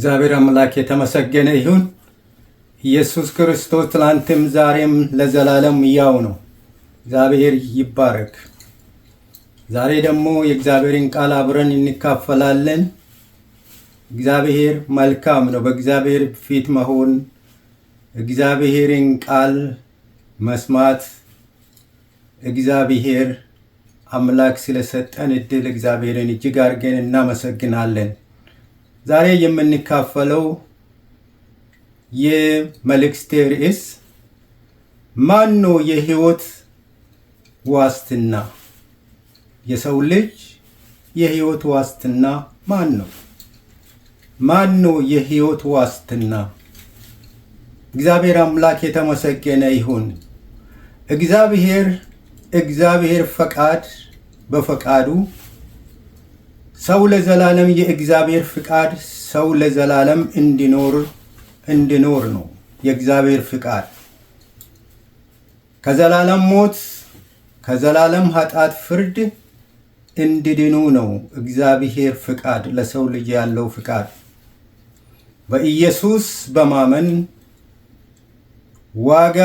እግዚአብሔር አምላክ የተመሰገነ ይሁን። ኢየሱስ ክርስቶስ ትላንትም ዛሬም ለዘላለም ያው ነው። እግዚአብሔር ይባረክ። ዛሬ ደግሞ የእግዚአብሔርን ቃል አብረን እንካፈላለን። እግዚአብሔር መልካም ነው። በእግዚአብሔር ፊት መሆን፣ እግዚአብሔርን ቃል መስማት፣ እግዚአብሔር አምላክ ስለሰጠን እድል እግዚአብሔርን እጅግ አድርገን እናመሰግናለን። ዛሬ የምንካፈለው የመልእክት ርዕስ ማን ነው የህይወት ዋስትና? የሰው ልጅ የህይወት ዋስትና ማን ነው? ማን ነው የህይወት ዋስትና? እግዚአብሔር አምላክ የተመሰገነ ይሁን። እግዚአብሔር እግዚአብሔር ፈቃድ በፈቃዱ ሰው ለዘላለም የእግዚአብሔር ፍቃድ ሰው ለዘላለም እንዲኖር እንዲኖር ነው የእግዚአብሔር ፍቃድ። ከዘላለም ሞት ከዘላለም ኃጢአት ፍርድ እንዲድኑ ነው እግዚአብሔር ፍቃድ፣ ለሰው ልጅ ያለው ፍቃድ። በኢየሱስ በማመን ዋጋ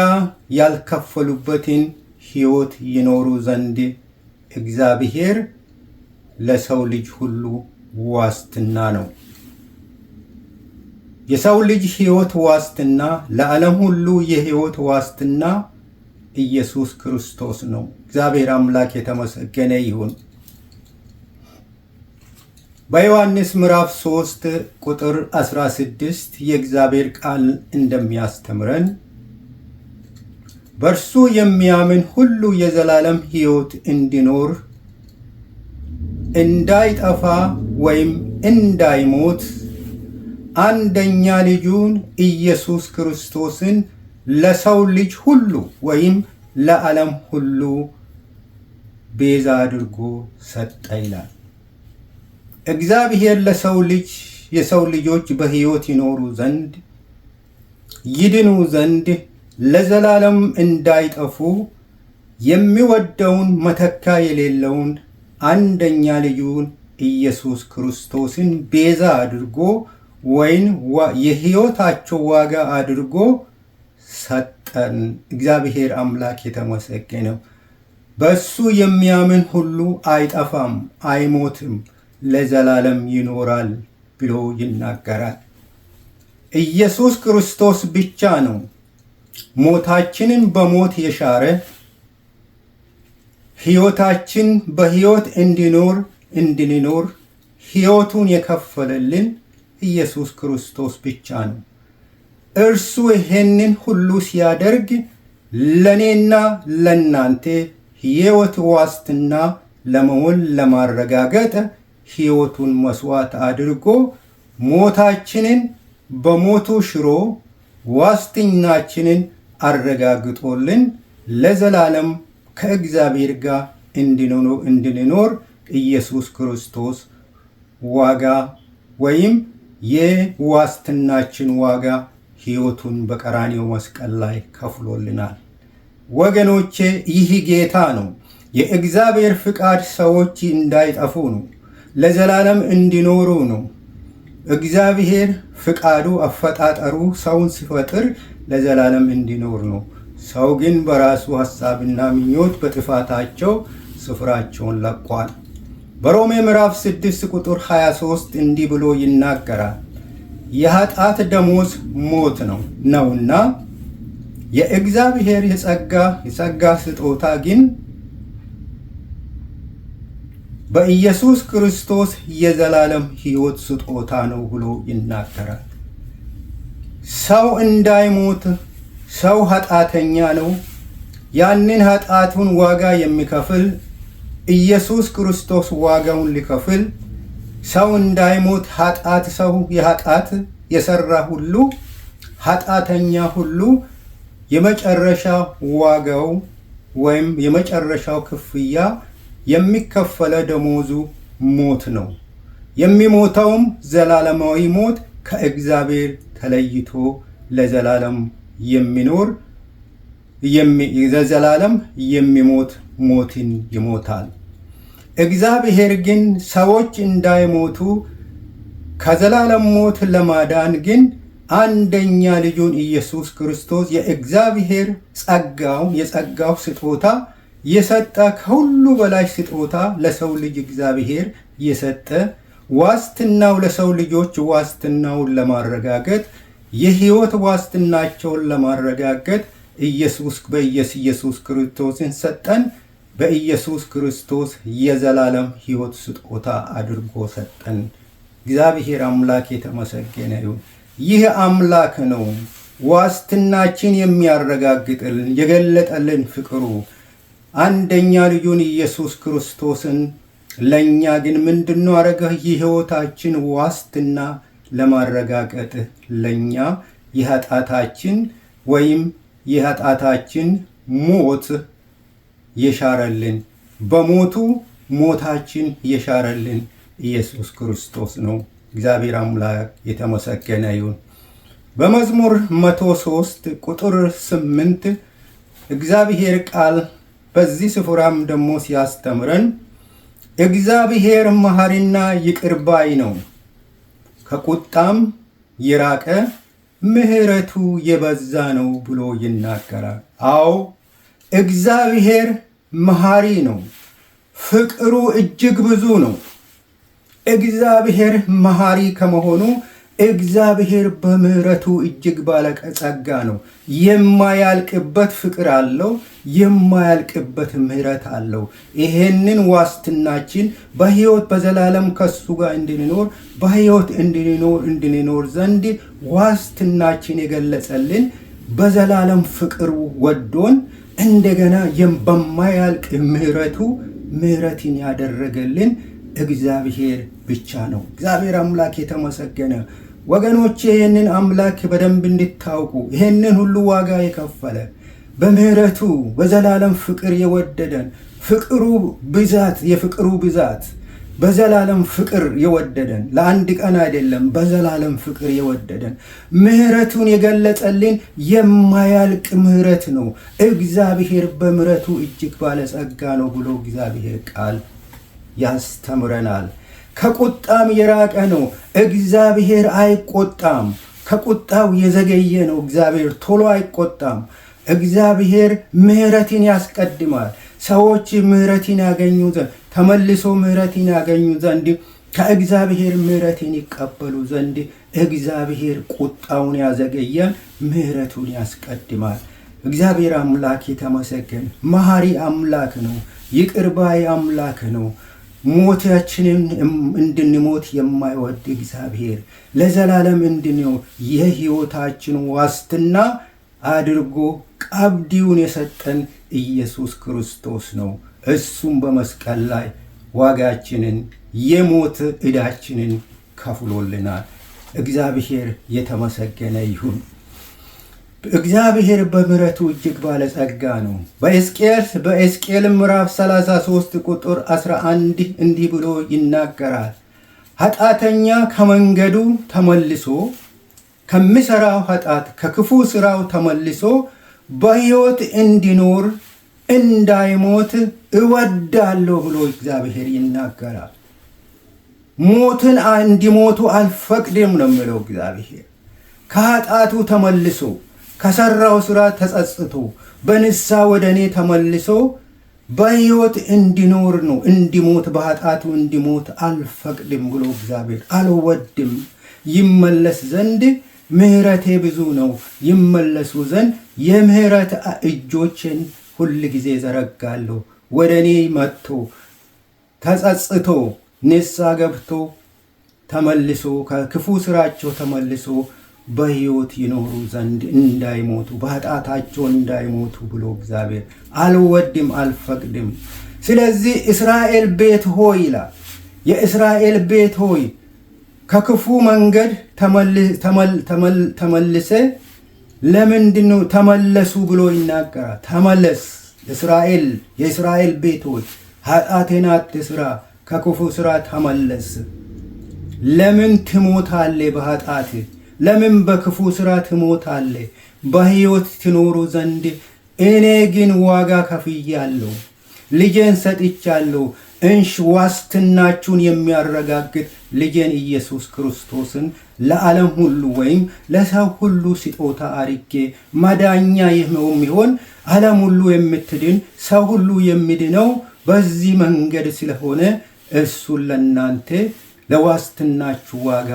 ያልከፈሉበትን ሕይወት ይኖሩ ዘንድ እግዚአብሔር ለሰው ልጅ ሁሉ ዋስትና ነው። የሰው ልጅ ሕይወት ዋስትና ለዓለም ሁሉ የሕይወት ዋስትና ኢየሱስ ክርስቶስ ነው። እግዚአብሔር አምላክ የተመሰገነ ይሁን። በዮሐንስ ምዕራፍ 3 ቁጥር 16 የእግዚአብሔር ቃል እንደሚያስተምረን በእርሱ የሚያምን ሁሉ የዘላለም ሕይወት እንዲኖር እንዳይጠፋ ወይም እንዳይሞት አንደኛ ልጁን ኢየሱስ ክርስቶስን ለሰው ልጅ ሁሉ ወይም ለዓለም ሁሉ ቤዛ አድርጎ ሰጠ ይላል። እግዚአብሔር ለሰው ልጅ የሰው ልጆች በሕይወት ይኖሩ ዘንድ ይድኑ ዘንድ ለዘላለም እንዳይጠፉ የሚወደውን መተካ የሌለውን አንደኛ ልጁን ኢየሱስ ክርስቶስን ቤዛ አድርጎ ወይን የሕይወታቸው ዋጋ አድርጎ ሰጠን። እግዚአብሔር አምላክ የተመሰገነው። በሱ የሚያምን ሁሉ አይጠፋም፣ አይሞትም፣ ለዘላለም ይኖራል ብሎ ይናገራል። ኢየሱስ ክርስቶስ ብቻ ነው ሞታችንን በሞት የሻረ ሕይወታችን በሕይወት እንዲኖር እንድንኖር ሕይወቱን የከፈለልን ኢየሱስ ክርስቶስ ብቻ ነው። እርሱ ይህንን ሁሉ ሲያደርግ ለእኔና ለእናንተ ሕይወት ዋስትና ለመሆን ለማረጋገጥ ሕይወቱን መሥዋዕት አድርጎ ሞታችንን በሞቱ ሽሮ ዋስትናችንን አረጋግጦልን ለዘላለም ከእግዚአብሔር ጋር እንድንኖር ኢየሱስ ክርስቶስ ዋጋ ወይም የዋስትናችን ዋጋ ሕይወቱን በቀራኔው መስቀል ላይ ከፍሎልናል። ወገኖቼ ይህ ጌታ ነው። የእግዚአብሔር ፍቃድ ሰዎች እንዳይጠፉ ነው፣ ለዘላለም እንዲኖሩ ነው። እግዚአብሔር ፍቃዱ አፈጣጠሩ ሰውን ሲፈጥር ለዘላለም እንዲኖር ነው። ሰው ግን በራሱ ሐሳብና ምኞት በጥፋታቸው ስፍራቸውን ለቋል። በሮሜ ምዕራፍ 6 ቁጥር 23 እንዲህ ብሎ ይናገራል፣ የኃጢአት ደሞዝ ሞት ነው ነውና የእግዚአብሔር የጸጋ ስጦታ ግን በኢየሱስ ክርስቶስ የዘላለም ሕይወት ስጦታ ነው ብሎ ይናገራል። ሰው እንዳይሞት ሰው ኃጢአተኛ ነው። ያንን ኃጢአቱን ዋጋ የሚከፍል ኢየሱስ ክርስቶስ ዋጋውን ሊከፍል ሰው እንዳይሞት ኃጢአት ሰው የኃጢአት የሰራ ሁሉ ኃጢአተኛ ሁሉ የመጨረሻ ዋጋው ወይም የመጨረሻው ክፍያ የሚከፈለ ደሞዙ ሞት ነው። የሚሞተውም ዘላለማዊ ሞት ከእግዚአብሔር ተለይቶ ለዘላለም የሚኖር ዘዘላለም የሚሞት ሞትን ይሞታል። እግዚአብሔር ግን ሰዎች እንዳይሞቱ ከዘላለም ሞት ለማዳን ግን አንደኛ ልጁን ኢየሱስ ክርስቶስ የእግዚአብሔር ጸጋው የጸጋው ስጦታ የሰጠ ከሁሉ በላይ ስጦታ ለሰው ልጅ እግዚአብሔር የሰጠ ዋስትናው ለሰው ልጆች ዋስትናውን ለማረጋገጥ የህይወት ዋስትናቸውን ለማረጋገጥ ኢየሱስ በኢየስ ኢየሱስ ክርስቶስን ሰጠን። በኢየሱስ ክርስቶስ የዘላለም ህይወት ስጦታ አድርጎ ሰጠን። እግዚአብሔር አምላክ የተመሰገነ ይሁን። ይህ አምላክ ነው ዋስትናችን የሚያረጋግጥልን የገለጠልን ፍቅሩ አንደኛ ልጁን ኢየሱስ ክርስቶስን ለእኛ ግን ምንድነ አረገ? የህይወታችን ዋስትና ለማረጋገጥ ለእኛ የኃጢአታችን ወይም የኃጢአታችን ሞት የሻረልን በሞቱ ሞታችን የሻረልን ኢየሱስ ክርስቶስ ነው። እግዚአብሔር አምላክ የተመሰገነ ይሁን። በመዝሙር 103 ቁጥር 8 እግዚአብሔር ቃል በዚህ ስፍራም ደግሞ ሲያስተምረን እግዚአብሔር መሐሪና ይቅርባይ ነው። ከቁጣም የራቀ ምሕረቱ የበዛ ነው ብሎ ይናገራል። አዎ እግዚአብሔር መሐሪ ነው፣ ፍቅሩ እጅግ ብዙ ነው። እግዚአብሔር መሐሪ ከመሆኑ እግዚአብሔር በምሕረቱ እጅግ ባለቀ ጸጋ ነው። የማያልቅበት ፍቅር አለው። የማያልቅበት ምሕረት አለው። ይሄንን ዋስትናችን በሕይወት በዘላለም ከሱ ጋር እንድንኖር በሕይወት እንድንኖር እንድንኖር ዘንድ ዋስትናችን የገለጸልን በዘላለም ፍቅሩ ወዶን እንደገና በማያልቅ ምሕረቱ ምሕረትን ያደረገልን እግዚአብሔር ብቻ ነው። እግዚአብሔር አምላክ የተመሰገነ ወገኖች ይህንን አምላክ በደንብ እንድታውቁ ይህንን ሁሉ ዋጋ የከፈለ በምህረቱ በዘላለም ፍቅር የወደደን ፍቅሩ ብዛት የፍቅሩ ብዛት በዘላለም ፍቅር የወደደን ለአንድ ቀን አይደለም፣ በዘላለም ፍቅር የወደደን ምህረቱን የገለጸልን የማያልቅ ምህረት ነው። እግዚአብሔር በምህረቱ እጅግ ባለጸጋ ነው ብሎ እግዚአብሔር ቃል ያስተምረናል። ከቁጣም የራቀ ነው። እግዚአብሔር አይቆጣም። ከቁጣው የዘገየ ነው። እግዚአብሔር ቶሎ አይቆጣም። እግዚአብሔር ምሕረትን ያስቀድማል። ሰዎች ምሕረትን ያገኙ ዘንድ ተመልሶ ምሕረትን ያገኙ ዘንድ ከእግዚአብሔር ምሕረትን ይቀበሉ ዘንድ እግዚአብሔር ቁጣውን ያዘገየ ምሕረቱን ያስቀድማል። እግዚአብሔር አምላክ የተመሰገን መሐሪ አምላክ ነው። ይቅርባይ አምላክ ነው። ሞታችንን እንድንሞት የማይወድ እግዚአብሔር ለዘላለም እንድንው የህይወታችን ዋስትና አድርጎ ቀብዲውን የሰጠን ኢየሱስ ክርስቶስ ነው። እሱም በመስቀል ላይ ዋጋችንን የሞት ዕዳችንን ከፍሎልናል። እግዚአብሔር የተመሰገነ ይሁን። እግዚአብሔር በምረቱ እጅግ ባለጸጋ ነው። በሕዝቅኤል በኤስቅኤል ምዕራፍ 33 ቁጥር 11 እንዲህ ብሎ ይናገራል። ኃጢአተኛ ከመንገዱ ተመልሶ ከሚሰራው ኃጢአት ከክፉ ስራው ተመልሶ በሕይወት እንዲኖር እንዳይሞት እወዳለሁ ብሎ እግዚአብሔር ይናገራል። ሞትን እንዲሞቱ አልፈቅድም ነው የሚለው እግዚአብሔር ከኃጢአቱ ተመልሶ ከሰራው ስራ ተጸጽቶ በንሳ ወደ እኔ ተመልሶ በሕይወት እንዲኖር ነው። እንዲሞት በኃጢአቱ እንዲሞት አልፈቅድም ብሎ እግዚአብሔር አልወድም። ይመለስ ዘንድ ምህረቴ ብዙ ነው። ይመለሱ ዘንድ የምህረት እጆችን ሁል ጊዜ ዘረጋለሁ። ወደ እኔ መጥቶ ተጸጽቶ ንሳ ገብቶ ተመልሶ ከክፉ ስራቸው ተመልሶ በሕይወት ይኖሩ ዘንድ እንዳይሞቱ በኃጢአታቸው እንዳይሞቱ ብሎ እግዚአብሔር አልወድም አልፈቅድም። ስለዚህ እስራኤል ቤት ሆይ ይላል የእስራኤል ቤት ሆይ ከክፉ መንገድ ተመልሰ ለምንድን ተመለሱ ብሎ ይናገራል። ተመለስ እስራኤል፣ የእስራኤል ቤቶች ኃጢአቴን አትስራ፣ ከክፉ ስራ ተመለስ። ለምን ትሞታለህ በኃጢአትህ? ለምን በክፉ ስራ ትሞታለህ? በህይወት ትኖሩ ዘንድ እኔ ግን ዋጋ ከፍያለሁ፣ ልጄን ሰጥቻለሁ። እንሽ ዋስትናችሁን የሚያረጋግጥ ልጄን ኢየሱስ ክርስቶስን ለዓለም ሁሉ ወይም ለሰው ሁሉ ስጦታ አርጌ መዳኛ የሚሆን ዓለም ሁሉ የምትድን ሰው ሁሉ የሚድነው በዚህ መንገድ ስለሆነ እሱን ለእናንተ ለዋስትናችሁ ዋጋ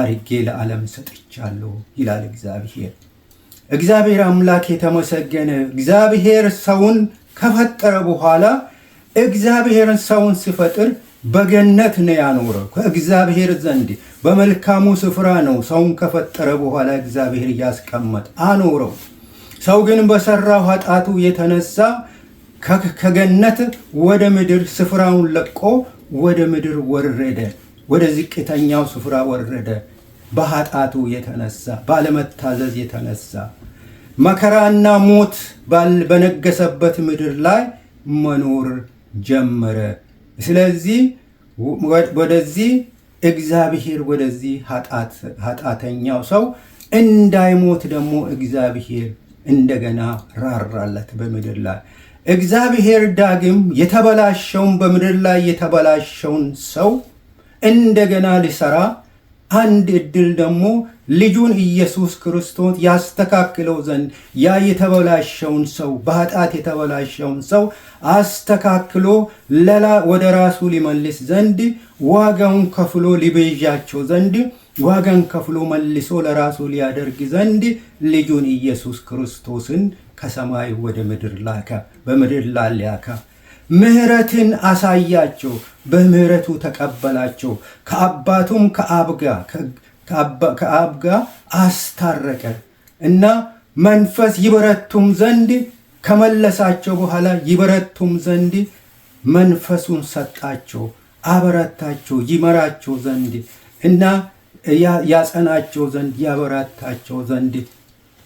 አርጌ ለዓለም ሰጥቻለሁ ይላል እግዚአብሔር። እግዚአብሔር አምላክ የተመሰገነ። እግዚአብሔር ሰውን ከፈጠረ በኋላ እግዚአብሔርን ሰውን ሲፈጥር በገነት ነው ያኖረው። ከእግዚአብሔር ዘንድ በመልካሙ ስፍራ ነው ሰውን ከፈጠረ በኋላ እግዚአብሔር እያስቀመጥ አኖረው። ሰው ግን በሰራው ኃጢአቱ የተነሳ ከገነት ወደ ምድር ስፍራውን ለቆ ወደ ምድር ወረደ። ወደ ዝቅተኛው ስፍራ ወረደ። በኃጢአቱ የተነሳ ባለመታዘዝ የተነሳ መከራና ሞት በነገሰበት ምድር ላይ መኖር ጀመረ። ስለዚህ ወደዚህ እግዚአብሔር ወደዚህ ኃጢአተኛው ሰው እንዳይሞት ደግሞ እግዚአብሔር እንደገና ራራለት በምድር ላይ እግዚአብሔር ዳግም የተበላሸውን በምድር ላይ የተበላሸውን ሰው እንደገና ሊሰራ አንድ እድል ደግሞ ልጁን ኢየሱስ ክርስቶስ ያስተካክለው ዘንድ ያ የተበላሸውን ሰው በኃጢአት የተበላሸውን ሰው አስተካክሎ ለላ ወደ ራሱ ሊመልስ ዘንድ ዋጋውን ከፍሎ ሊበዣቸው ዘንድ ዋጋን ከፍሎ መልሶ ለራሱ ሊያደርግ ዘንድ ልጁን ኢየሱስ ክርስቶስን ከሰማይ ወደ ምድር ላከ፣ በምድር ላይ ምሕረትን አሳያቸው፣ በምሕረቱ ተቀበላቸው። ከአባቱም ከአብ ጋር አስታረቀ እና መንፈስ ይበረቱም ዘንድ ከመለሳቸው በኋላ ይበረቱም ዘንድ መንፈሱን ሰጣቸው፣ አበረታቸው፣ ይመራቸው ዘንድ እና ያጸናቸው ዘንድ ያበረታቸው ዘንድ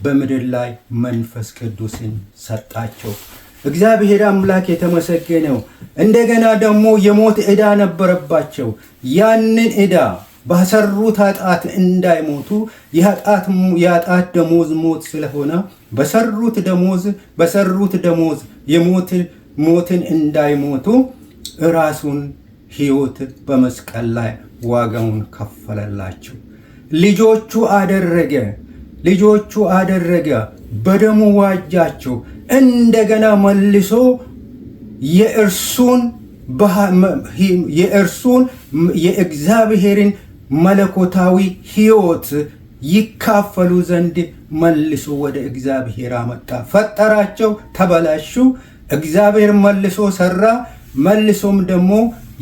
በምድር ላይ መንፈስ ቅዱስን ሰጣቸው። እግዚአብሔር አምላክ የተመሰገነው። እንደገና ደግሞ የሞት ዕዳ ነበረባቸው። ያንን ዕዳ ባሰሩት ኃጢአት እንዳይሞቱ የኃጢአት ደሞዝ ሞት ስለሆነ በሰሩት ደሞዝ በሰሩት ደሞዝ የሞት ሞትን እንዳይሞቱ ራሱን ሕይወት በመስቀል ላይ ዋጋውን ከፈለላቸው። ልጆቹ አደረገ ልጆቹ አደረገ፣ በደሙ ዋጃቸው። እንደገና መልሶ የእርሱን የእርሱን የእግዚአብሔርን መለኮታዊ ሕይወት ይካፈሉ ዘንድ መልሶ ወደ እግዚአብሔር አመጣ። ፈጠራቸው፣ ተበላሹ። እግዚአብሔር መልሶ ሰራ። መልሶም ደግሞ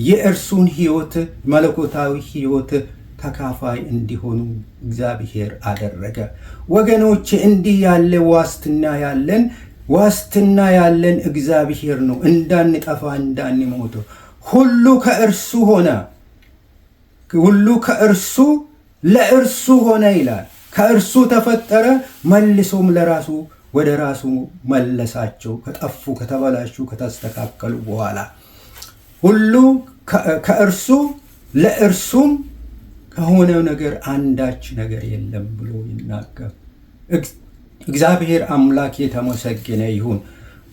የእርሱን ሕይወት መለኮታዊ ሕይወት ተካፋይ እንዲሆኑ እግዚአብሔር አደረገ። ወገኖች እንዲህ ያለ ዋስትና ያለን ዋስትና ያለን እግዚአብሔር ነው። እንዳንጠፋ እንዳንሞት ሁሉ ከእርሱ ሆነ፣ ሁሉ ከእርሱ ለእርሱ ሆነ ይላል። ከእርሱ ተፈጠረ፣ መልሶም ለራሱ ወደ ራሱ መለሳቸው። ከጠፉ ከተበላሹ ከተስተካከሉ በኋላ ሁሉ ከእርሱ ለእርሱም ከሆነው ነገር አንዳች ነገር የለም ብሎ ይናገር እግዚአብሔር አምላክ የተመሰገነ ይሁን።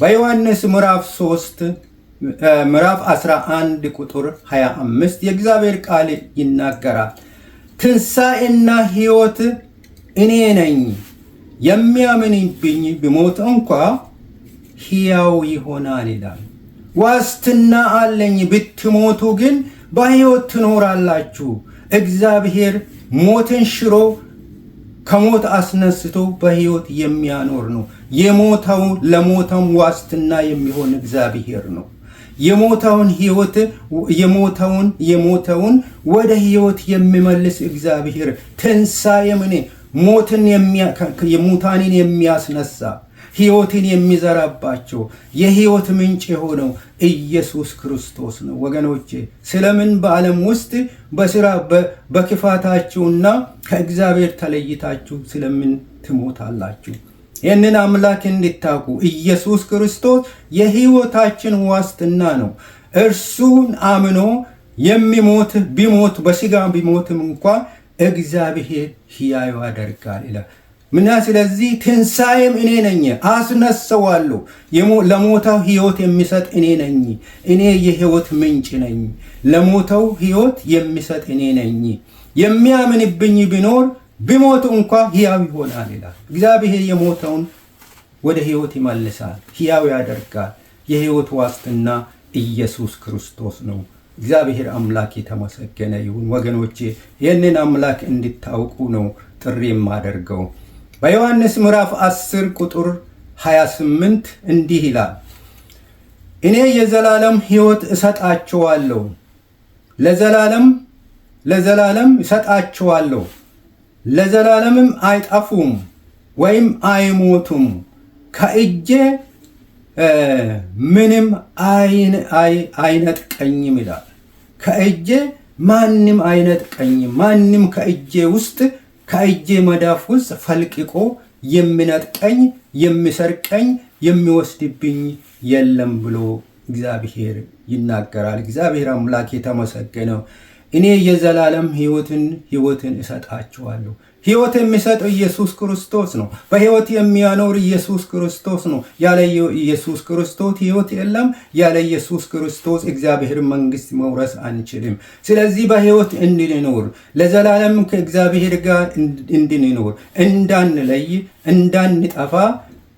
በዮሐንስ ምዕራፍ 3 ምዕራፍ 11 ቁጥር 25 የእግዚአብሔር ቃል ይናገራል። ትንሣኤና ሕይወት እኔ ነኝ፣ የሚያምንብኝ ቢሞት እንኳ ሕያው ይሆናል ይላል። ዋስትና አለኝ፣ ብትሞቱ ግን በሕይወት ትኖራላችሁ። እግዚአብሔር ሞትን ሽሮ ከሞት አስነስቶ በህይወት የሚያኖር ነው። የሞተው ለሞተም ዋስትና የሚሆን እግዚአብሔር ነው። የሞተውን ህይወት የሞተውን የሞተውን ወደ ህይወት የሚመልስ እግዚአብሔር ትንሣኤ ምኔ ሞትን የሙታንን የሚያስነሳ ሕይወትን የሚዘራባቸው የሕይወት ምንጭ የሆነው ኢየሱስ ክርስቶስ ነው። ወገኖቼ ስለምን በዓለም ውስጥ በስራ በክፋታችሁና ከእግዚአብሔር ተለይታችሁ ስለምን ትሞታላችሁ? ይህንን አምላክ እንድታውቁ ኢየሱስ ክርስቶስ የሕይወታችን ዋስትና ነው። እርሱን አምኖ የሚሞት ቢሞት በስጋ ቢሞትም እንኳ እግዚአብሔር ሕያው ያደርጋል ይላል። ምና ስለዚህ ትንሣኤም እኔ ነኝ፣ አስነሰዋለሁ። ለሞተው ህይወት የሚሰጥ እኔ ነኝ። እኔ የህይወት ምንጭ ነኝ። ለሞተው ህይወት የሚሰጥ እኔ ነኝ። የሚያምንብኝ ቢኖር ቢሞት እንኳ ህያው ይሆናል ይላል። እግዚአብሔር የሞተውን ወደ ህይወት ይመልሳል፣ ህያው ያደርጋል። የህይወት ዋስትና ኢየሱስ ክርስቶስ ነው። እግዚአብሔር አምላክ የተመሰገነ ይሁን። ወገኖቼ ይህንን አምላክ እንድታውቁ ነው ጥሪ የማደርገው። በዮሐንስ ምዕራፍ 10 ቁጥር 28 እንዲህ ይላል፣ እኔ የዘላለም ሕይወት እሰጣችኋለሁ ለዘላለም ለዘላለም እሰጣችኋለሁ ለዘላለምም አይጠፉም ወይም አይሞቱም ከእጄ ምንም አይነጥቀኝም ይላል። ከእጄ ማንም አይነጥቀኝም፣ ማንም ከእጄ ውስጥ ከእጄ መዳፍ ውስጥ ፈልቅቆ የሚነጥቀኝ የሚሰርቀኝ የሚወስድብኝ የለም ብሎ እግዚአብሔር ይናገራል። እግዚአብሔር አምላክ የተመሰገነው እኔ የዘላለም ህይወትን ህይወትን እሰጣችኋለሁ። ህይወት የሚሰጠው ኢየሱስ ክርስቶስ ነው። በህይወት የሚያኖር ኢየሱስ ክርስቶስ ነው። ያለ ኢየሱስ ክርስቶስ ህይወት የለም። ያለ ኢየሱስ ክርስቶስ እግዚአብሔር መንግስት መውረስ አንችልም። ስለዚህ በህይወት እንድንኖር ለዘላለም ከእግዚአብሔር ጋር እንድንኖር እንዳንለይ፣ እንዳንጠፋ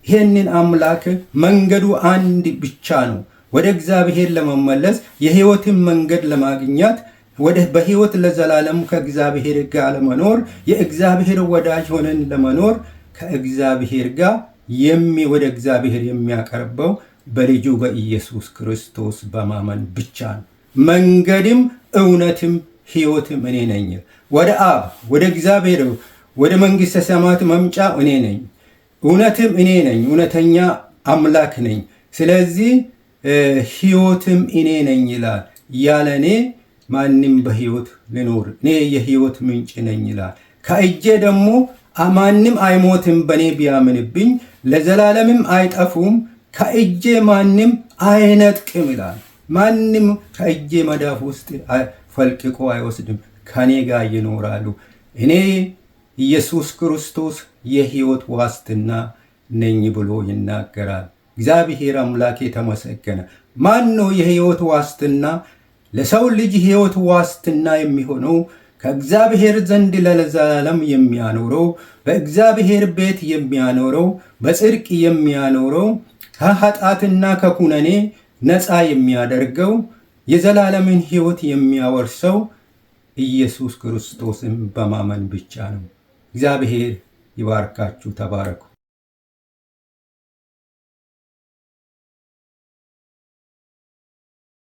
ይህንን አምላክ መንገዱ አንድ ብቻ ነው። ወደ እግዚአብሔር ለመመለስ የህይወትን መንገድ ለማግኘት ወደ በህይወት ለዘላለም ከእግዚአብሔር ጋር ለመኖር የእግዚአብሔር ወዳጅ ሆነን ለመኖር ከእግዚአብሔር ጋር የሚ ወደ እግዚአብሔር የሚያቀርበው በልጁ በኢየሱስ ክርስቶስ በማመን ብቻ ነው። መንገድም እውነትም ህይወትም እኔ ነኝ። ወደ አብ ወደ እግዚአብሔር ወደ መንግሥተ ሰማያት መምጫ እኔ ነኝ። እውነትም እኔ ነኝ። እውነተኛ አምላክ ነኝ። ስለዚህ ህይወትም እኔ ነኝ ይላል። ያለ እኔ ማንም በህይወት ልኖር እኔ የህይወት ምንጭ ነኝ ይላል። ከእጄ ደግሞ ማንም አይሞትም በእኔ ቢያምንብኝ ለዘላለምም አይጠፉም፣ ከእጄ ማንም አይነጥቅም ይላል። ማንም ከእጄ መዳፍ ውስጥ ፈልቅቆ አይወስድም፣ ከኔ ጋር ይኖራሉ። እኔ ኢየሱስ ክርስቶስ የህይወት ዋስትና ነኝ ብሎ ይናገራል። እግዚአብሔር አምላክ የተመሰገነ። ማን ነው የህይወት ዋስትና ለሰው ልጅ ሕይወት ዋስትና የሚሆነው ከእግዚአብሔር ዘንድ ለዘላለም የሚያኖረው በእግዚአብሔር ቤት የሚያኖረው በጽድቅ የሚያኖረው ከኃጢአትና ከኩነኔ ነፃ የሚያደርገው የዘላለምን ሕይወት የሚያወርሰው ኢየሱስ ክርስቶስን በማመን ብቻ ነው። እግዚአብሔር ይባርካችሁ። ተባረኩ።